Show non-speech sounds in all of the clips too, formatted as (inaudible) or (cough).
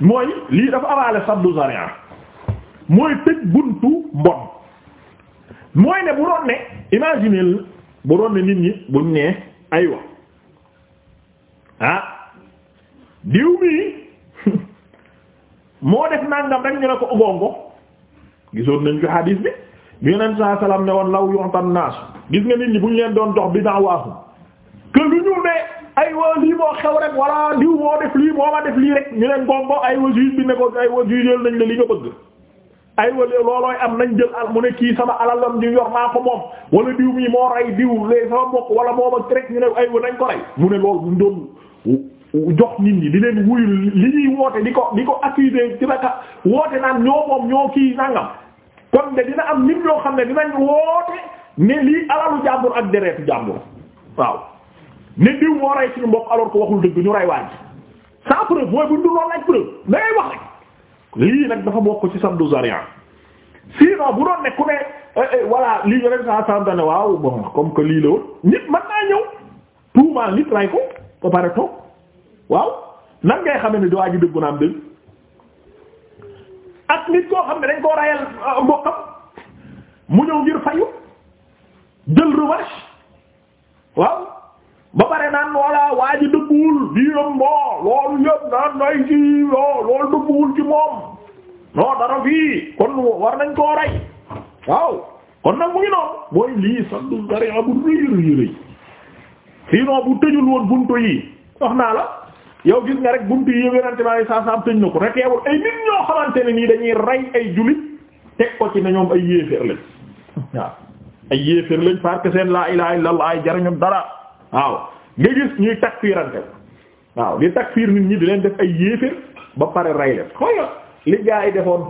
mooy lii dafa abaale saddu zari'a mooy tëj buntu mbon mooy ne bu doon ne imaginer bu doon ne nit ñi buñ ne aywa ah diw mii (laughs) moo def nangam rek ñu ne ko ogongo gisoon nañ ko hadis bi bi yonent saa salaam ne woon law yu'tan naas gis nga nit ñi bu ñu leen doon jox bi da'waahum que lu ñu ne aywa lii moo xew rek walla diw moo def lii moo ma def lii rek ñu leen gombo aywa juge bi ne ko aywa jugeel nañ la li nga bëgg aywa loolooy am nañ jël al mu ne kii sama alalam di yor maa ko moom wala diw mii moo rey diw lee sama mbokk wala mooma rek ñu ne aywa nañ ko rey mu ne loolu buñ jox nit ñi di leen wuyu li ñuy woote di ko di ko accuser ci naka woote naan ñoo moom ñoo kii nangam kon de dina am nit ñoo xam ne dinañ woote ne lii alalu jàmbur ak deretu jàmbur waaw ne diw moo rey suñu mbokk alors que waxul dëgg ñu rey waaj sans preuve mooy bu ñu doon laaj preuve da wax lii nag dafa bokk ci sandu zariya sinon bu doon ne ne eh, eh, voilà lii nga leen saa sant ne waaw bon comme que lii la nit mën naa ñëw tuumaal nit rey ko ba pare toog waaw nan ngay xamee ne diwaan ji dëggu na am ak nit koo xam ne dañ koo rayal ah, mbokkam mu ñëw ngir fayu jël revanche waaw. ba pare naan walla waa ji dëgguwul biiram moo loolu yëpp naan nay ci loo loolu dëgguwul ci moom non dara fii kon war nañ koo rey waaw kon nag mu ngi noonu mooy lii sandu dara bu rëy rëy rëy fii non bu tëjul woon buntu yi wax naa la yow gis nga rek buntu yi yonente bi saa saa tëj na ko te teewul ay nit ñoo xamante ne nii dañuy rey ay jullit te ko ci ne ñoom ay yéeféer lañ waaw ay yéeféer lañ parce que seen laa ilaaha illallaah ay jariñu dara waaw nga gis ñuy takfiirante waaw di takfiir nit ñi di leen def ay yéeféer ba pare rey leen xoola li gaa yi defoon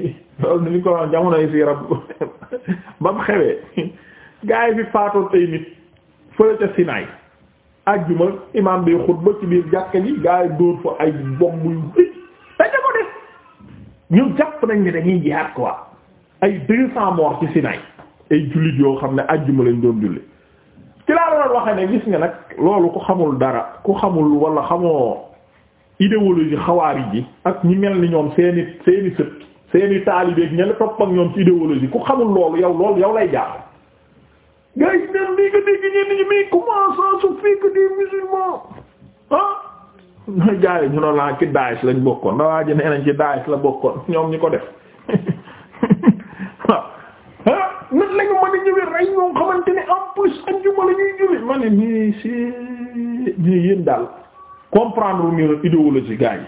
(laughs) ko wax jamonoy si rab (laughs) ba mu xewee (laughs) gaa yi fi faatoon ay nit fële ca Sinaay ajjuma imaam bi xutba ci biir jàkka ji gaa yi dóor fa ay bomb yu bëri dañu ko def ñun jàpp nañ ne dañuy jihaad quoi ay deux cents morts ci Sinaay ay jullit yoo xam ne ajjuma lañ doon julli ci laa la ne gis nga nag loolu ku xamul dara ku xamul wala xamoo idéologie xawaari ji ak ñi mel ni ñoom seeni seeni sët seeni taalibeek ña la topp ak ñoom ci idéologie ku xamul loolu yow loolu yow lay jaaxal. gars yi ñoom nii nga dégg ñenn ñi mais ah. ñooy gars ñu ne laa ci Daesh lañ bokkoon dawaa ji nee nañ ci Daesh la bokkoon ñoom ñi ko def. lan la ñu mën a ñëwee rey ñoo xamante ne en plus àjjuma la ñuy julli ma ne nii si nii daal comprendre lu ñu idéologie gaa yi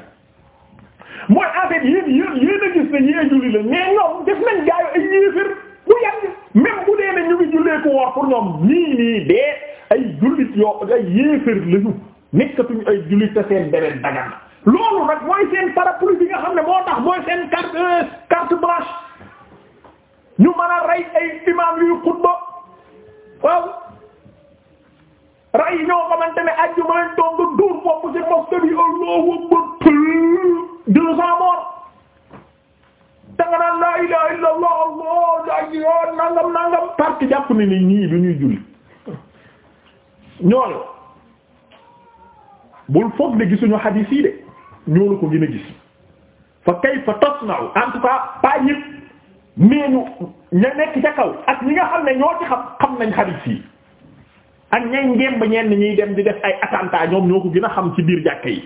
mooy en fait yéen a gis ne ñee julli la mais ñoom def nañ gaa yi ay yéefar bu yàgg même bu dee ne ñu ngi pour ñoom nii nii dee ay jullit yoo ay yéefar lañu nekkatuñu ay jullit te seen beneen dagan loolu nag mooy seen parapluie nga xam ne moo tax mooy seen carte euh, carte blanche. ñu mën a rey ay imaam yuy xutba rey ñoo xamante ne ajju ma leen toog nga dóor bopp ci mosquée bi Allahu akbar deux danga naan laa ilaha illa allah allah nangam nangam parce que jàpp ni bul foog ne gisuñu xadiis yi de ñoo la ko gën a gis fa kayfa tasna'u en tout cas pas mais ñu nekk ca kaw ak ñi nga xam ne ñoo ci xam xam nañ xadiis yi ak ñay ngemb ñenn ñuy dem di def ay attentat ñoom ñoo ko gën a xam ci biir jàkke yi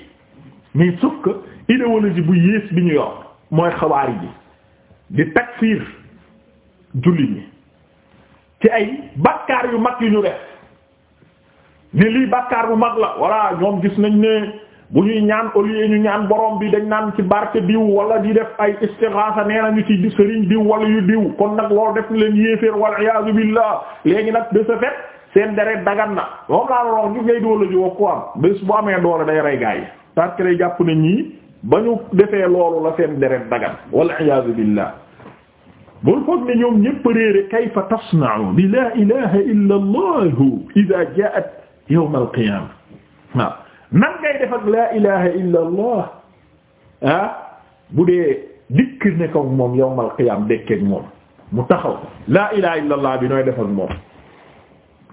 mais sauf que ji bu yées bi ñu yor mooy xawaari ji di takfiir jullit ñi ci ay bakkaar yu mag yu ñu def ne lii bakkaar bu mag la walla ñoom gis nañ ne bu ñuy ñaan au lieu ñu ñaan borom bi dañ naan ci barke diw wala di def ay istighatha nee nañu ci sëriñ diw wala yu diw kon nag loolu def leen yéeféer wal iyaazu billah léegi nag de ce fait seen deret dagan na moom laa la wax ñu ngay doole ji ko am bés bu amee doole day rey gaa yi parce jàpp ne ñii ba ñu defee loolu la seen deret dagan wal iyaazu billah bul foog ne ñoom ñépp réere kayfa tasna'u bi la ilaha illa allah idha ja'at yawm al qiyamah waaw nan ngay def ak laa ilaha illa allah ah bu dee dikk ne ko moom yawmal qiyaam dekkeek moom mu taxaw laa ilaha illa allah bi nooy def ak moom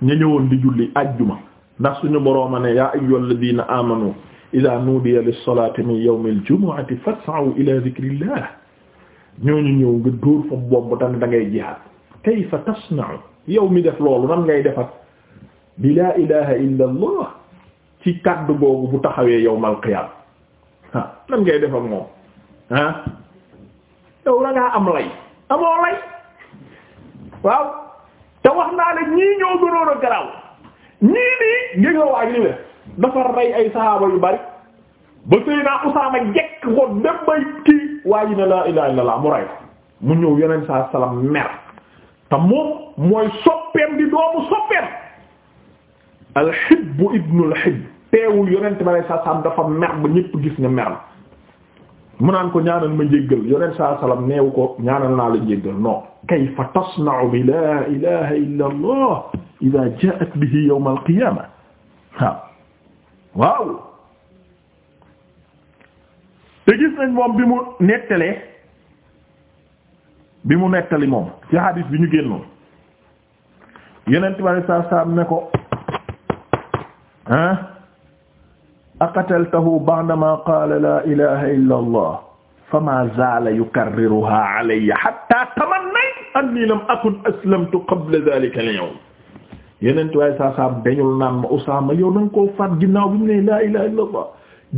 ñu ñëwoon di julli ajjuma ndax suñu borooma ne yaa ayyuhal ladina amanu ida nuudiya lis-salaati min yawmil jumu'ati fas'aw ila dhikrillah ñooñu ñëw nga dóor fa bomb tan da ngay jihaad kayfa tasna'u yow mi def loolu nan ngay defat bi laa ilaha illa allah ci kàddu boobu bu taxawee yawmal qiyaam ah nan moom ah yow la ngaa am lay amoo lay waaw te wax naa la ñii ñoo gënoon garaaw ñii nii ngir waaj li def dafa rey ay saxaaba yu bari ba Seydina Usaama jekk ko dem bay kii waaji ne laa ilaaha illallaah mu rey ko mu ñëw yeneen saa salaam mer te moom mooy soppeem di doomu soppeem alxibbu ibnu alxibb teewul yonent ma lay saa salaam mer ba ñëpp gis ne mer mu naan ko ñaanal ma njéggal yonent saa salaam neewu ko ñaanal naa la njéggal non kayfa tasna'u bi la ilaha illa allah idha ja'at bihi yawm al waaw te gis nañ moom bi mu nettalee bi mu nettali moom ci hadis bi ñu génnoon yonent ma lay saa salaam ne ko ah aqataltahu ba'dama qaala laa ilaha illa allah fama zaala yukarriruha alayya hatta tamannaytu anni lam akun aslamtu qabla dhalika al-yawm yeneen tuwaay saa saa dañul naan ma Usaama yow da nga koo faat ginnaaw bi mu ne laa ilaha illa allah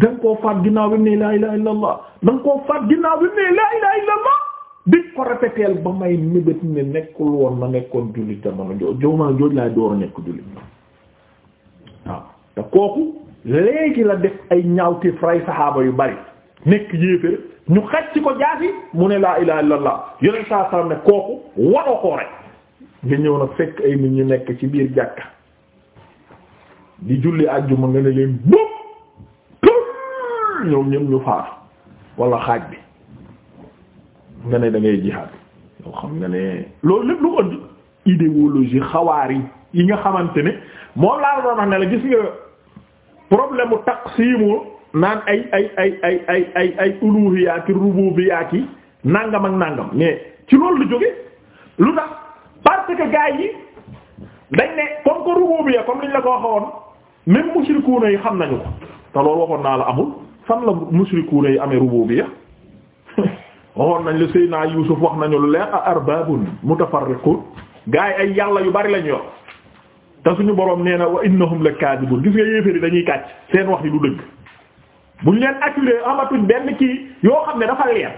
da nga koo faat ginnaaw bi mu ne laa ilaha illa allah da nga koo faat ginnaaw bi mu ne laa ilaha illa allah di ko répéteel ba may mébét ne nekkul woon ma nekkoon jullit jamono jooju jamono jooju laay door a nekk jullit waaw te kooku. léegi la def ay ñaawteef ray saxaaba yu bari nekk yéeféer ñu ci ko jaasi mu ne laa ilaha illallah yoneen saa sallam ne kooku waroo koo rek nga ñëw nag fekk ay nit ñu nekk ci biir jàkka di julli àjjuma nga ne leen bóp tër ñoom ñoom ñu faatu wala xaaj bi nga ne da ngay jihaad xam nga ne loolu lépp lu ëndi idéologie xawaar yi nga xamante ne moom laa doon wax ne la gis nga problème mu taqsimu naan ay ay ay ay ay ay ay uluhiyaati rububiyaati nangam ak nàngam mais ci loolu lu jóge lu tax parce que yi dañ ne comme que rububiya comme liñ la ko waxoon même mushrikuuna yi xam nañu ko te loolu waxoon naa la amul fan la mushrikuuna yi amee rububiya (laughs) waxoon nañ la Seydina Yuusuf wax nañu lu leer a arbabun mutafarriqun gars yi ay yàlla yu bari lañu yor te suñu borom nee na wa innahum lakaadibun gis nga yéeféer yi dañuy kàcc seen wax yi du dëgg bu ñu leen acculé amatuñ benn kii yoo xam ne dafa leer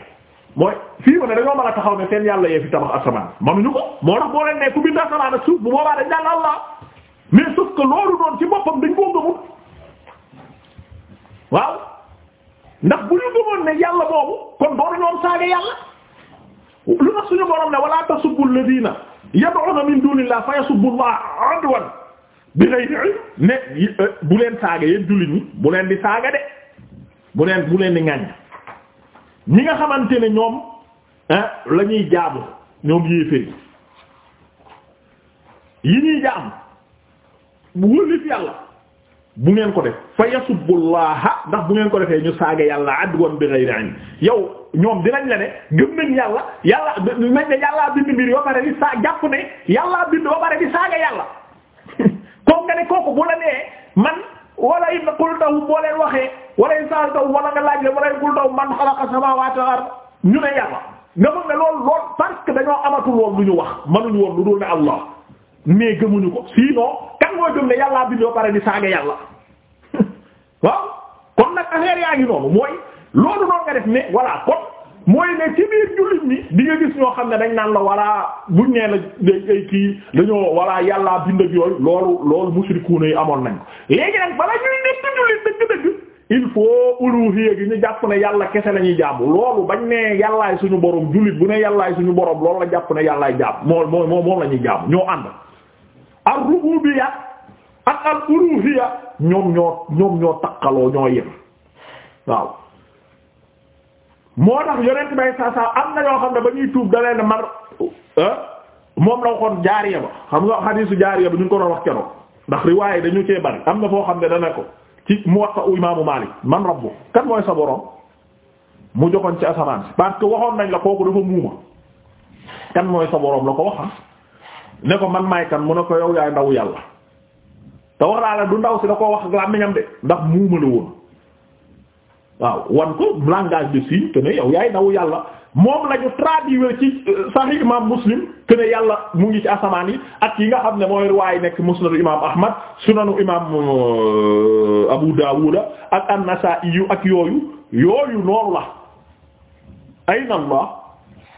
mooy fii mu ne dañoo mën a taxaw ne seen yàlla yee fi tabax asamaan mënuñu ko moo tax boo leen ne ku bind asamaan ak suuf bu boobaa dañ daan Allah mais sauf que loolu doon ci boppam dañ koo gëmul waaw ndax bu ñu gëmoon ne yàlla boobu kon doonuñu am saaga yàlla lu tax suñu borom ne wala tasubbu alladina yad'una min dunillah fa yasubbu Allah adwan bi ghayri ilm ne bu leen saaga yéen jullit ñi bu leen di saaga de bu leen bu leen di ŋàññ ñi nga xamante ne ñoom lañuy ñuy jaabu ñoom yéeféer yi ñuy jaam bu yàlla bu ngeen ko def fa yasubullaha ndax bu ngeen ko defee ñu saaga yàlla adwan bi ghayri ilm yow ñoom dinañ la ne gëm nañ yàlla yàlla nañ ne yàllaa bind mbir yoo pare di saa yàllaa bind ba pare di saaga yàlla (laughs) comme nga ne kooku bu la nee man wala in qultahu boo leen waxee wala in sa'altahu wala nga laaj le wala in qultahu man khalaqa samawati wal ard ñu ne yàlla nga mën ne loolu lool parce dañoo amatul woon lu ñu wax mënuñu woon lu dul ne allah mais gëmuñu ko fii sinon kan mooy gëm ne yàllaa bind ba pare di saaga yàlla waaw kon nag affaire yaa ngi noonu mooy loolu noonu nga def ne voilà kon mooy ne ci biir jullit ñi di nga gis ñoo xam ne dañ naan la voilà buñ nee la ay kii dañoo voilà yàlla bind ak yooyu loolu loolu mushrikuuna yi amoon nañ ko nag bala ñuy nekk jullit dëgg il faut uluhiyya gi ñu jàpp ne yàlla kese la ñuy jaamu loolu bañ ne yàllaay suñu borom jullit bu ne yàllaay suñu borom loolu la jàpp ne yàllaay jaam moom moom moom la ñuy jaamu ñoo ànd ar-rububiyya ak al uluhiyya ñoom ñoo ñoom ñoo takkaloo ñoo yem waaw moo tax yonent bay saa saa am na ñoo xam ne ba ñuy tuub da leen mar euh, moom la waxoon jaariya ba xam nga xadiisu jaariya ba ñu ngi ko doon wax keroog ndax riwaay dañu cee bari am na foo xam ne dana ko ci Muwatta imaamu Maalik man rabbu kan mooy sa borom mu joxoon ci asamaan si parce que waxoon nañ la kooku dafa muuma kan mooy sa borom la ko waxa ah? ne ko man maay kan mu ne ko yow yaay ndaw yàlla te wax du ndaw si da koo wax làmmiñam de ndax muuma la woon waaw wan ko langage de signe que ne yow yaay ndaw yàlla moom la ñu traduire ci euh, sahih imam muslim que ne yàlla mu ngi ci asamaan yi ak yi nga xam ne mooy waaye nekk musnadu imam ahmad sunanu imam euh, abu dawuda ak an-nasa'i yu ak yooyu yooyu noonu la ayna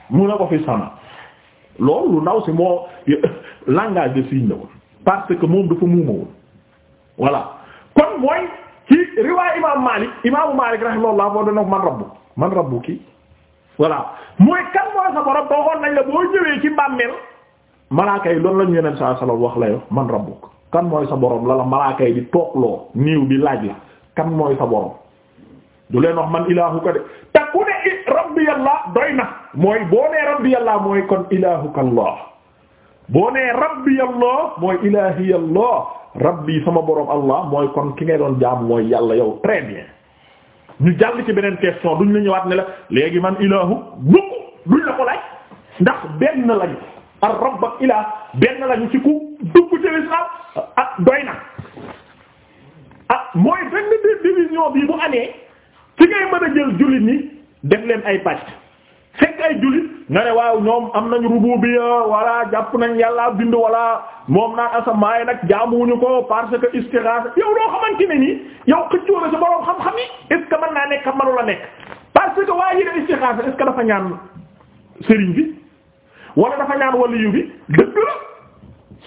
mu ne ko fi sama loolu ndaw si moo (laughs) langage de signe la woon parce que moom dafa muuma woon voilà kon mooy ci riwaay imaamu Maalik imaamu Maalik rahimahullah boo doon man rabbu man rabbu kii voilà mooy kan mooy sa borom boogoon nañ la boo ñëwee ci bàmmeel malaaka yi loolu la ñu yeneen saa sala wax la yo man rabbuk kan mooy sa borom la la malaaka yi di toogloo niiw bi laaj la kan mooy sa borom du leen wax man ilaahuka de te ku ne rabbi yàlla doy na mooy boo nee rabbi yàlla mooy kon ilaahuka allah boo nee rabbi allah mooy ilahi allah rabbi sama borom allah mooy kon ki ngay doon jaam mooy yàlla yow très bien ñu jàll ci beneen question duñ la ñëwaat ne la léegi man ilahu mukk duñ la ko laaj ndax benn lañu ar rabb ak ilah benn lañu ci ku dugg ci l'islam ak ah, doy na ah mooy benn division bi bu amee ci ngay mën a jël jullit ñi def leen ay pàcc nekk ay jullit nga ne waaw ñoom am nañ rububiyya walla jàpp nañ yàllaa bind walla moom naan asamaay nag jaamuwuñu ko parce que istighatha yow loo xamante ne nii yow xëccoo la sa boroom xam-xam yi est que mën naa nekk xam manu nekk parce que waa yi de istighatha est ce que dafa ñaan sëriñ bi walla dafa ñaan waliyu bi dëgg la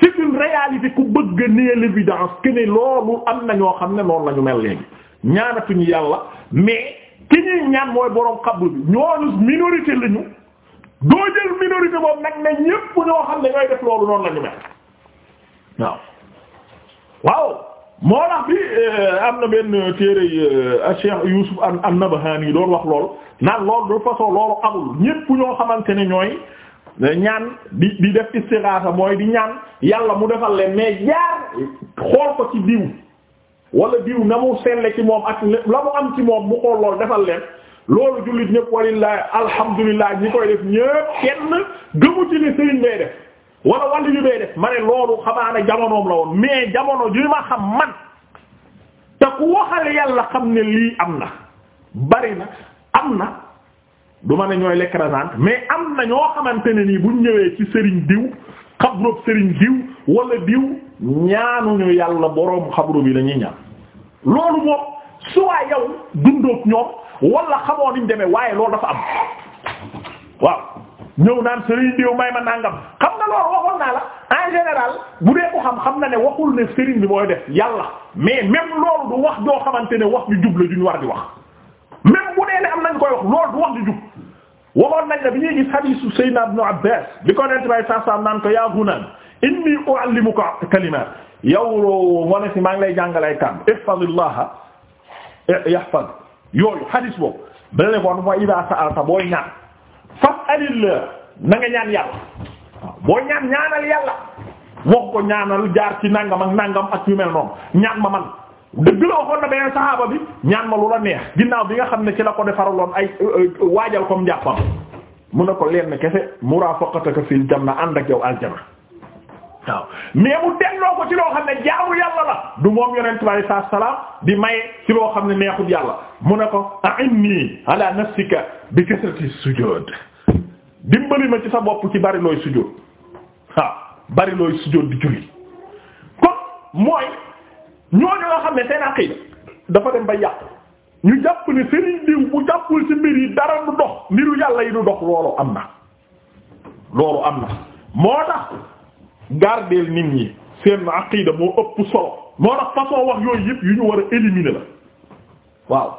c'est une réalité ku bëgg nier l'évidence que ne loolu am na ñoo xam ne noonu la ñu mel léegi ñaanatuñu yàlla mais ki ñuy ñaan mooy borom xabru bi ñooñu minorité la ñu doo jël minorité boobu nag ne ñépp ñoo xam ne ñooy def loolu noonu la ñu waaw waaw moo tax bi euh, am na benn téere euh, Cheikh Youssouf an-Nabhani doon wax lool naan loolu de façon loolu amul ñépp ñoo xamante ne ñooy euh, ñaan bi di def istighatha mooy di ñaan yàlla mu defal leen mais jaar xool ko ci diw wala diw na mu selle ci moom ak la mu am ci moom mu xool lool defal leen loolu jullit ñëpp walillahi alhamdulilah ñi koy def ñëpp kenn gëmu ci li sëriñ bay def wala wàllu yu bay def ma ne loolu xamaana jamonoom la woon mais jamono ji ma xam man te ku waxal yàlla xam ne lii am na bari am na du ma ne ñooy l'écrasante mais am na ñoo xamante ne nii buñ ñëwee ci sëriñ diw xabru sëriñ diw wala diw ñaanuñu yàlla boroom xabru bi lañuy ñaan loolu moom soit yow dundoog ñoom wala xamoo niñ demee waaye loolu dafa am waaw ñëw naan sëriñ diw may ma nangam xam nga loolu waxoon naa la en général bu dee ko xam xam na ne waxul ne sëriñ bi mooy def yàlla mais même loolu du wax joo xamante ne wax ju jub la ju ñu war di wax même bu dee ne am nañ koy wax loolu du wax ju jub waxoon nañ la bi ñuy gis hadiisu Sayyidina Ibn Abbas bi ko nent bay sasam naan ko yaa gunaan inni u'allimuka kalimaat yow moo ne si maa ngi lay jàngale ay kàddu ihfazillah yahfaz yooyu hadis boobu dana ne kon wa idha sa'alta booy ñaan fas'alillah na nga ñaan yàlla boo ñaan ñaanal yàlla wax ko ñaanal jaar ci nangam ak nangam ak yu mel noonu ñaan ma man dëgg la waxoon na beneen saxaaba bi ñaan ma lu la neex ginnaaw bi nga xam ne ci la ko defaraloon ay euh, euh, waajal comme njàppam mun na ko leen kese murafaqataka fil janna ànd ak yow aljanna waaw mais mu delloo ko ci loo xam ne jaamu yàlla la du moom yonent bi alayhi salaatu salaam di maye ci loo xam ne neexul yàlla mu ne ko a'inni ala nafsika bi kasrati sujuud dimbali ma ci sa bopp ci bari looy sujuud waaw bari looy sujuud di julli kon mooy ñooñu nga xam ne seen aqiida dafa dem ba yàqu ñu jàpp ne sëriñ diw bu jàppul ci mbir yi dara du dox mbiru yàlla yi du dox loolu am na loolu am na moo tax gardeel nit ñi seen aqida moo ëpp solo moo tax façon wax yooyu yëpp yu ñu war a éliminer la waaw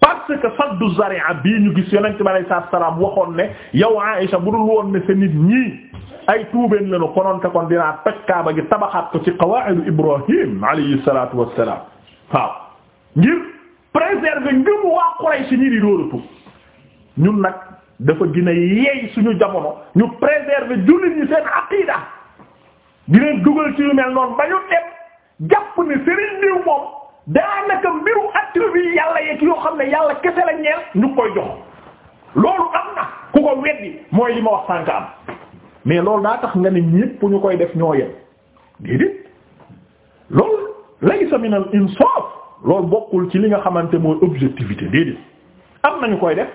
parce que saddu zari'a bii ñu gis yonent bi alayhi salaam waxoon ne yow Aïcha bu dul woon ne sa nit ñii ay tuubeen lañu konoon te kon dinaa toj kaaba gi tabaxaat ko ci qawaa'idu Ibrahim alayhi salaatu wassalaam waaw ngir préserver ngëm waa Quraysh ñi di dóor a tuub ñun nag dafa gën a yeey suñu jamono ñu préserver jullit ñi seen aqida di leen dugal ci yu mel noonu ba ñu dem jàpp ne Serigne diw moom daanaka mbiru attribut yàlla yeeg yoo xam ne yàlla kese la ñeel ñu koy jox loolu am na ku ko weddi mooy li ma wax sànk am mais loolu daa tax nga ne ñépp ñu koy def ñoo yem déedéet loolu laysa min al insaf loolu bokkul ci li nga xamante mooy objectivité déedéet am na ñu koy def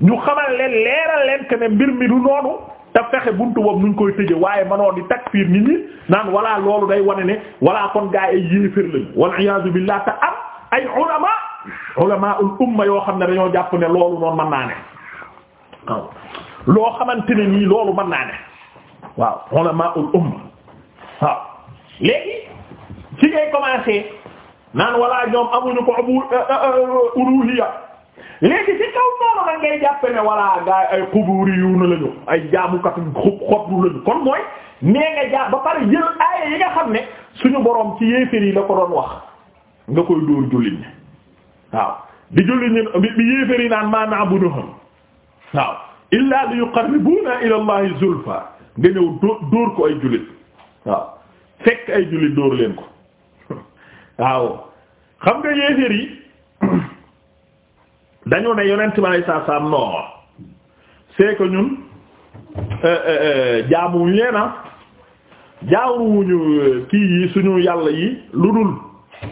ñu xamal leen leeral leen ne mbir mi du noonu. te fexe buntu boobu nuñ koy tëje waaye manoon di takfiir nit ñi naan walla loolu day wane ne walla kon gaa yi ay yéefér lañu wal iyaazu billah te am ay ulama ulamaul umma yoo xam ne dañoo jàpp ne loolu noonu mën naa ne waaw loo xamante ne nii loolu mën naa ne waaw ulamaul umma waaw léegi ci ngay commencer naan walla ñoom amuñu ko abu euh, euh, euh, uluhiyya léegi ci kaw noonu la ngay jàppe ne walla ay xuburi na lañu ay jaamukat xub xobru lañu kon mooy nee nga jàpp ba pare jël aaya yi nga xam ne suñu borom ci yéeféer yi la ko doon wax nga koy dóor jullit ñi waaw bi jullit ñi bi yéeféer yi naan waaw illa li yuqarribuna ila zulfa nga ñëw dóor ko ay jullit waaw fekk ay jullit dóor leen ko (laughs) waaw xam nga yéeféer dañu ne yonent bi alay saa salaam non c'est que ñun euh, euh, euh, jaamuwuñu leen ah jaamuwuñu kii yi suñu yàlla yi lu dul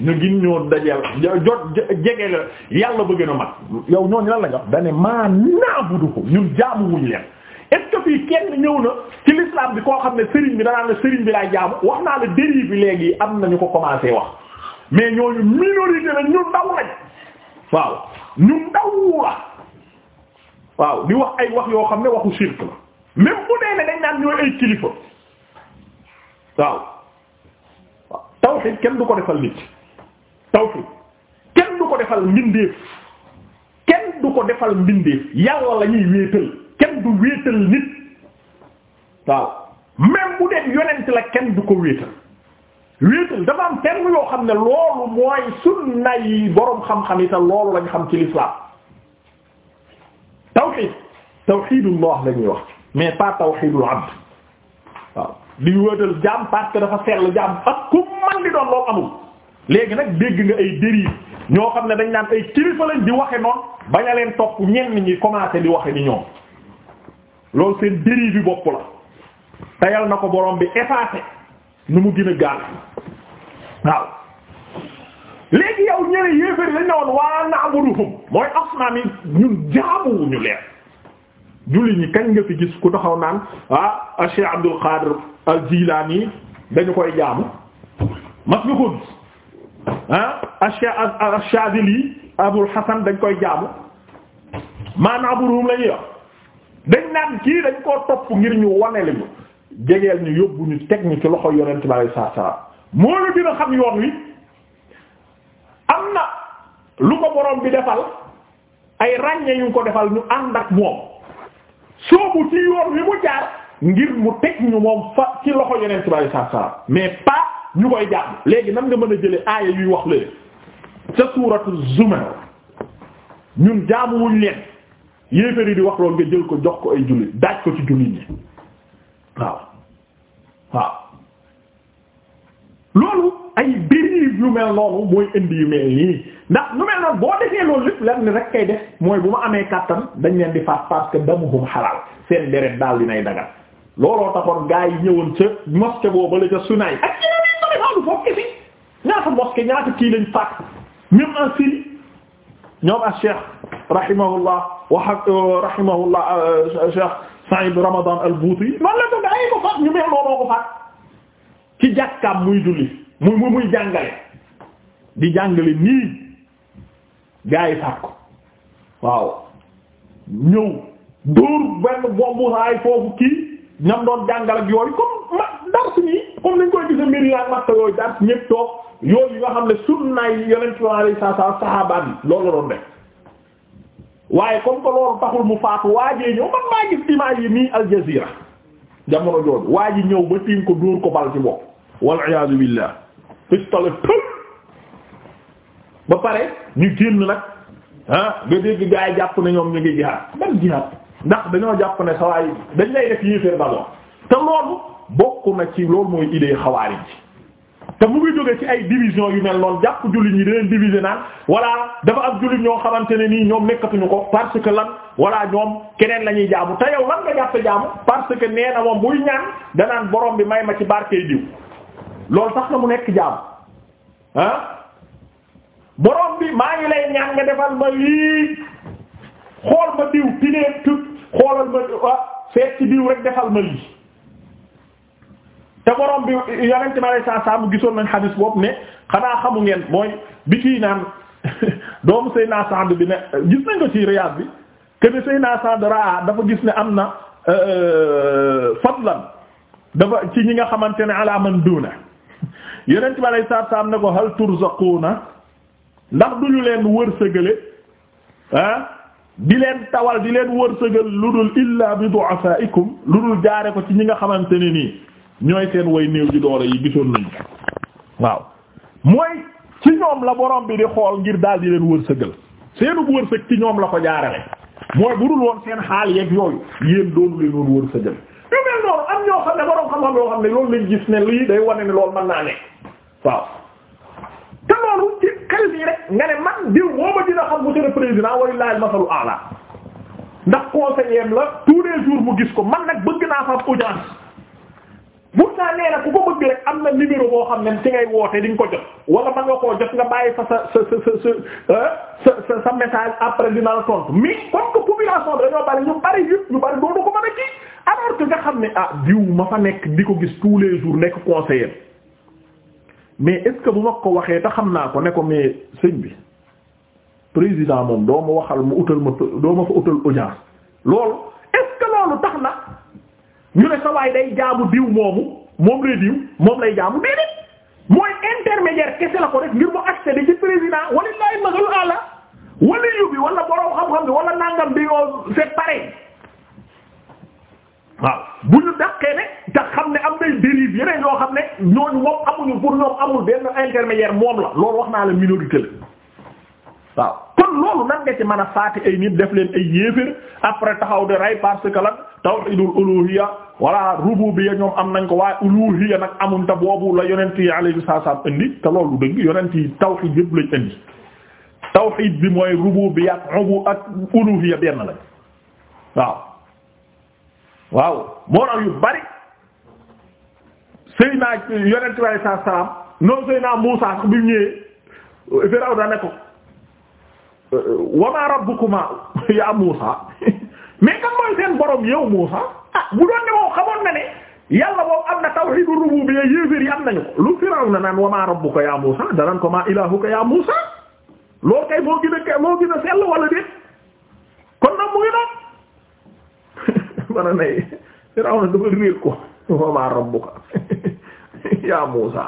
ñu gin ñoo dajeel jot jege la yàlla bëgg na mag yow ñooñu lan la nga dane maa na'buduhum ñun jaamuwuñu leen est-ce que fii kenn ñëw na ci l'islam bi koo xam ne sëriñ bi danaan la sëriñ bi laay jaamu wax naa la dérive bi léegi am na ñu ko commencé wax mais ñooñu minorité la ñu ndaw lañ waaw ñu ndaw la waaw di wax ay wax yoo xam ne waxu sirk la même bu dee ne dañ naan ñooy ay kilifa waaw tawhid kenn du ko defal nit tawhid kenn du ko defal mbindeef kenn du ko defal mbindeef yàlla lañuy ñuy wéetal kenn du wéetal nit waaw même bu dee yonent la kenn du ko wéetal wéetal dafa am terme yoo xam ne loolu mooy sunna yi boroom xam-xam yi te loolu lañ xam ci l'islam tawxiid tawxiidullah la ñuy wax mais pas tawxiidul abd waaw di wéetal jaam parce que dafa seetlu jaam ak ku man di doon loolu amul léegi nag dégg nga ay dérive ñoo xam ne dañ naan ay kilifa lañ di waxe noonu bañ a leen topp ñenn ñi commencé di waxe ni ñoom loolu seen dérive bi bopp la tayal na ko borom bi effacé nu mu gën a gaal waaw léegi yow ñëwee yéeféer lañ ne woon waa na'buduhum mooy asnaam yi ñun jaamuwuñu leen julli ñi kañ nga fi gis ku taxaw naan ah a Cheikh Abdul Qadir al-Jilani dañu koy jaamu ko gis ah a Cheikh dañ koy jaamu maa na'buduhum la ñuy dañ naan kii dañ koo topp ngir ñu wane lañu jegeel ñu yóbbu ñu teg ñu ci loxo yonent bi alayhi salaatu salaam moo la dina xam yoon wi am na lu ko borom bi defal ay ràññee yu ko defal ñu ànd ak moom soobu ci yoon wi mu jaar ngir mu teg ñu moom fa ci loxo yonent bi alayhi salaatu mais pas ñu koy jàpp léegi nan nga mën a jële aaya yuy wax leen ca suuratu Zumar ñun jaamuwuñ leen yéefar yi di wax loolu nga jël ko jox ko ay jullit daaj ko ci jullit ñi waaw waaw loolu ay dérive yu mel noonu mooy indi yu mel nii ndax lu noonu boo defee loolu lépp lan ni rek kay mooy bu ma amee kàttan dañ leen di faat parce que damuhum xalaal seen deret daal dinay dagal looloo taxoon gaa yi ñëwoon ca mosquée boobu la ca Sunaay ak yeneen sori xaw ma foofu gis ñaata mosquée ñaata kii lañ faat même en Syrie ñoom ak Cheikh rahimahullah wa euh, rahimahullah euh, Saïd Ramadan al-Bouti yi noonu la ko gaa yi ñu mel noonu ko faat ci jàkkaam muy julli muy muy muy jàngale di jàngale nii gaa yi faat ko waaw ñëw dóor benn bombu saay foofu kii ñam doon jàngal yooyu comme dars nii comme lañ koy gisa mbir yaa matta yooyu dars ñépp toog yooyu yi nga xam ne sunnaay yonent bi sallallahu alayhi wa sallam saxaabaan yi loolu la doon waaye comme que loolu taxul mu faatu waajee ñëw man maa gis image yi nii Al jamono jooju waa ji ñëw ba tiim ko dóor ko bal ci bopp wal iyaadu billah pistolet tël ba pare ñu génn nag ah nga dégg gaa yi jàpp ne ñoom ñu ngi jihaad ban jihaad ndax dañoo jàpp ne sawaay dañ lay def yéeféer d'abord te loolu bokk na ci loolu mooy idée xawaari ji te mu ngi jóge ci ay division yu mel noonu jàpp jullit ñi dinañ diviser naan voilà dafa am jullit ñoo xamante ne nii ñoom nekkatuñu ko parce que lan voilà ñoom keneen la ñuy jaamu te yow lan nga jàpp jàmm parce que nee na moom buy ñaan danaan borom bi may ma ci barkey diw loolu tax na mu nekk jaamu ah borom bi maa ngi lay ñaan nga defal ma lii xool ma diw pineet tut xoolal ma ah ci diw rek defal ma lii te borom bi yonente ma saa saa bu gisoon nañ xadis boobu ne xanaa xamu ngeen mooy bi kii naan (laughs) doomu Seydina Sa'd bi ne gis nañ ko ci Riyad bi que ne Seydina Sa'd raa dafa gis ne am na euh, fadlan dafa ci ñi nga xamante ne ala man duna na ma lay saa saa ne ko hal turzaquna ndax duñu leen wërsëgale ah di leen tawal di leen wërsëgal lu dul illa bi du'afaikum lu dul jaare ko ci ñi nga xamante ne nii. ñooy seen way néew ji doole yi gisoon nañu waaw mooy ci ñoom la borom bi di xool ngir daal di leen wërsëgal seenu wërsëg ci ñoom la ko jaarale mooy budul woon seen xaal yeeg yooyu yéen doonu leen woon wërsëgal yu am ñoo xam ne borom xam-xam yoo xam ne loolu lañ gis ne lii day wane ne loolu man naa nekk waaw te loolu ci xel bi rek nga ne man diw moo ma dina xam monsieur le président walillahi al-masalu a'la ndax conseiller la tous les jours mu gis ko man nag bëgg naa fa pourtant nee na ku ko bëgg rek am na numéro boo xam ne ci ngay woote di ko jot wala ba nga koo jot nga bàyyi fa sa sa sa sa sa ah, sa message après dina la mais comme que population dañoo bari ñu bari yëpp ñu bari dootu ko mën a kii alors que nga xam ne ah diw ma fa nekk di ko gis tous les jours nekk conseiller mais est bu ma ko waxee te xam naa ko ne ko mais sëñ bi président moom doo ma waxal mu utal ma doo ma fa utal audience loolu est-ce loolu tax na. ñu ne sa waay day jaamu diw moomu moom lay diw moom lay jaamu déedéet mooy intermédiaire kese la ko rek ngir mu accéder ci président wala laay masalu àlla wala yu bi wala borom xam-xam bi wala nangam bi yoo c'est pareil waaw bu ñu dàqee ne te xam ne am nay dérive yeneen yoo xam ne ñooñu moom amuñu pour ñoom amul benn intermédiaire moom la loolu wax naa la minorité la waaw kon loolu nan nga ci mën a faati ay nit def leen ay yéefér après taxaw de rey tawhidul uluhiyya wala rububiyya ñoom am nañ ko waaye uluhiyya nag amuñ boobu la yonent yi alayhi salaam indi te loolu dëgg bi mooy rububiyya ak ubu ak uluhiyya benn lañ waaw waaw moo yu bari sëy naa yonent bi alayhi salaam noonu bi ñëwee Firawna ne ko wa maa rabbukuma yaa Muusaa (laughs) mais kan mooy seen borom yow Muusa ah bu doon ne moom xamoon na ne yàlla boobu am na tawhidu rububiyya yéeféer yi am nañu ko lu Firawna naan wa maa rabbuka yaa Muusa danan ko maa ilaahuka yaa Muusa loolu kay moo gën a kay wala déet kon nag mu ngi doon (laughs) mana na Firawna dafa réer ko wa maa rabbuka (laughs) yaa Muusa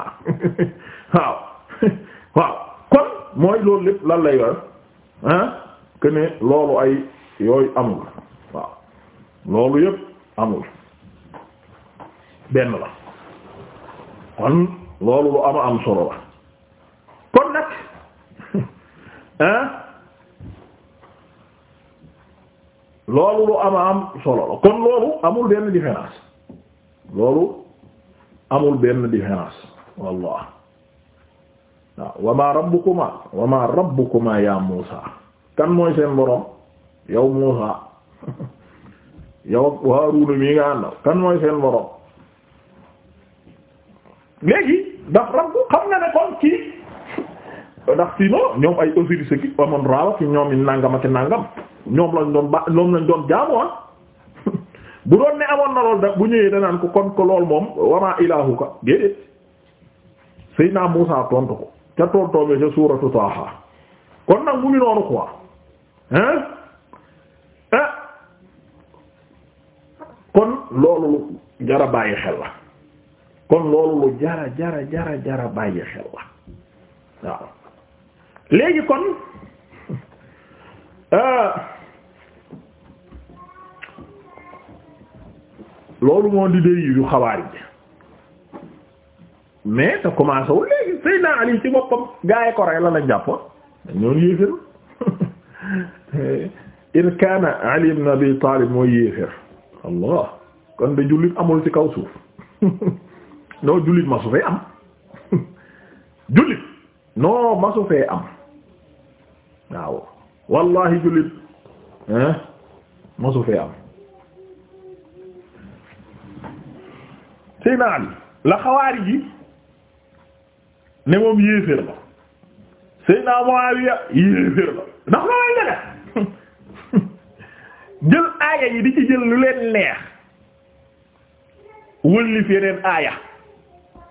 (laughs) waaw waaw kon mooy loolu lépp lan lay wax ah que ne loolu ay yooyu amul loolu yëpp amul benn la kon loolu lu am am solo la kon nag (laughs) hein loolu lu am am solo kon loolu amul benn différence loolu amul benn différence wallah waaw wama rabbukuma wama rabbukuma ya Muusa kan mooy borom yow Muusa (laughs) yow Haaruna mii nga àndal kan mooy seen borom léegi ndax rabbu xam na ne kon kii ndax sinon ñoom ay Osiris ak amoon raaw ak ñoom nangam ak nangam ñoom lañ doon ba ñoom lañ doon jaamoon ah. (laughs) bu doon ne amoon na lool da bu ñëwee naan ko kon ko lool moom wama ilaahuka déedéet Seydina Muusaa tontu ko ca tontoobee ca suuratu Taaha kon nag mu ngi noonu quoi hein ah kon loolu lu jara bàyyi xel la kon loolu lu jara jara jara jara bàyyi xel la waaw léegi kon (laughs) euh, loolu moo di dee yu xawaari bi mais te commencé wul léegi Seydina Ali ci boppam gaa yi ko rey la lañ jàppoon dañoon yéefér (laughs) eh, in kaana Ali ibn Abi Talib mooy yéefér allah kon de jullit amul ci kaw suuf (laughs) noo jullit masu am (laughs) jullit noo masu am waaw wallahi jullit hein masu am seyna la xawaari ji ne moom yéeféer la seyna Muawiya yéeféer la ndax loolu la def jël aaya yi di ci jël lu leen neex wëllif yeneen aaya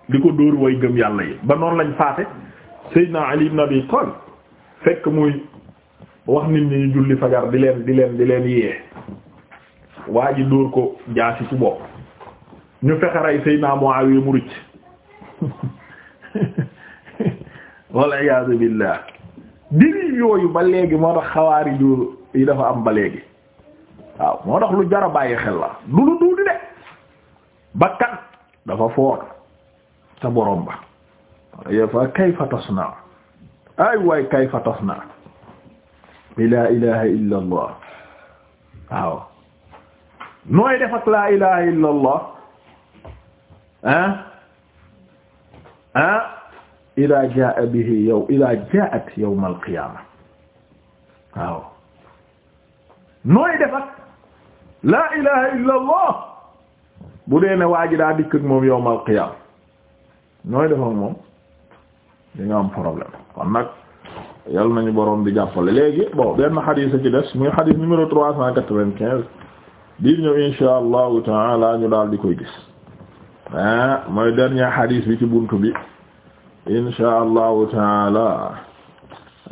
di ko dóor way gëm yàlla yi ba noonu lañ faate Seydina Ali ibn Abi Talib fekk muy wax nit ñi ñu julli fajar di leen di leen di leen yee waa ji dóor ko jaasi ci bopp ñu naa rey Seydina Muawiya mu ricc (laughs) wal iyaazu billaah diri yooyu ba léegi moo tax xawaari yi dafa am ba léegi waaw moo tax lu jar a bàyyi xel la du lu tuuti de bakkan dafa foor sa borom ba fa kayfa tasna ay waay kayfa tasna bi laa ilaha illa allah waaw nooy def ak laa ilaha illa allah ah ah ida jaa bihi yow ida jaat yawm al qiyama waaw nooy def ak laa ilaha illa allah bu dee ne waa ji daa dikk ak moom yowmal qiyam ñooy def moom di nga am problème nag yal nañu borom bi jàppale léegi bon benn xadis a ci des muy xadis numéro trois cent quatre-vingt-quinze di ñëw insha taala ñu daal di koy gis ah mooy dernier xadis bi ci buntu bi insha allahu taala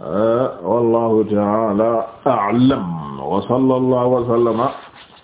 ah, wallahu taala a'lam wa sallallahu wa sallama